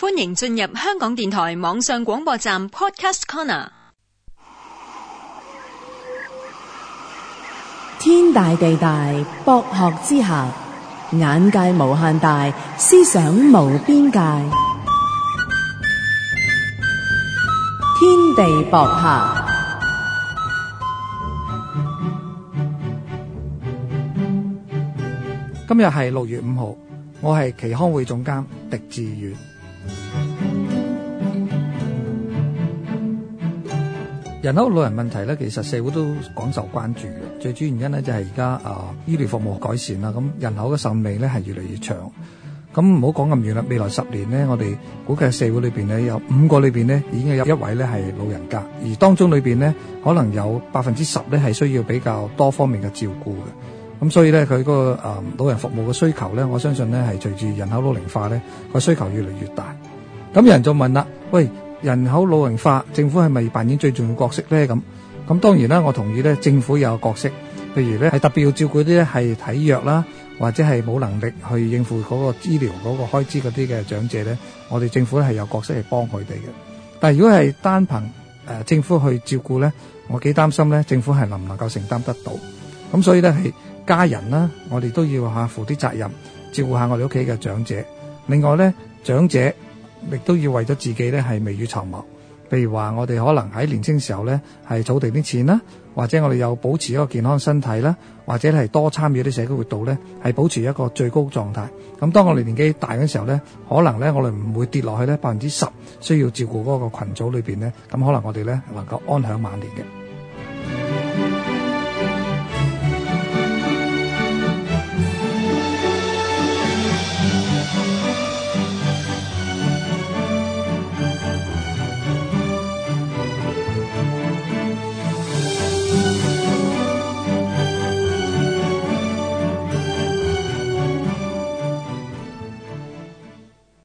歡迎進入香港電台網上廣播站 Podcast Corner。天大地大，博學之下眼界無限大，思想無邊界。天地博客。今日係六月五號，我係耆康會總監狄志遠。人口老人問題咧，其實社會都廣受關注嘅。最主要原因咧，就係而家啊，醫療服務改善啦，咁人口嘅壽命咧係越嚟越長。咁唔好講咁遠啦，未來十年呢，我哋估計社會裏邊呢，有五個裏邊呢，已經有一位呢係老人家，而當中裏邊呢，可能有百分之十呢，係需要比較多方面嘅照顧嘅。咁所以咧，佢嗰個、呃、老人服務嘅需求咧，我相信咧係隨住人口老齡化咧，個需求越嚟越大。咁有人就問啦：喂，人口老齡化，政府係咪扮演最重要角色咧？咁咁當然啦，我同意咧，政府有角色，譬如咧係特別要照顧啲咧係體弱啦，或者係冇能力去應付嗰個醫療嗰個開支嗰啲嘅長者咧，我哋政府咧係有角色去幫佢哋嘅。但係如果係單憑誒、呃、政府去照顧咧，我幾擔心咧，政府係能唔能夠承擔得到？咁所以咧係。家人啦，我哋都要吓負啲責任，照顧下我哋屋企嘅長者。另外呢，長者亦都要為咗自己呢係未雨綢繆。譬如話，我哋可能喺年輕時候呢係儲定啲錢啦，或者我哋又保持一個健康身體啦，或者係多參與啲社區活動呢係保持一個最高狀態。咁當我哋年紀大嘅時候呢，可能呢我哋唔會跌落去呢百分之十需要照顧嗰個群組裏邊呢。咁可能我哋呢能夠安享晚年嘅。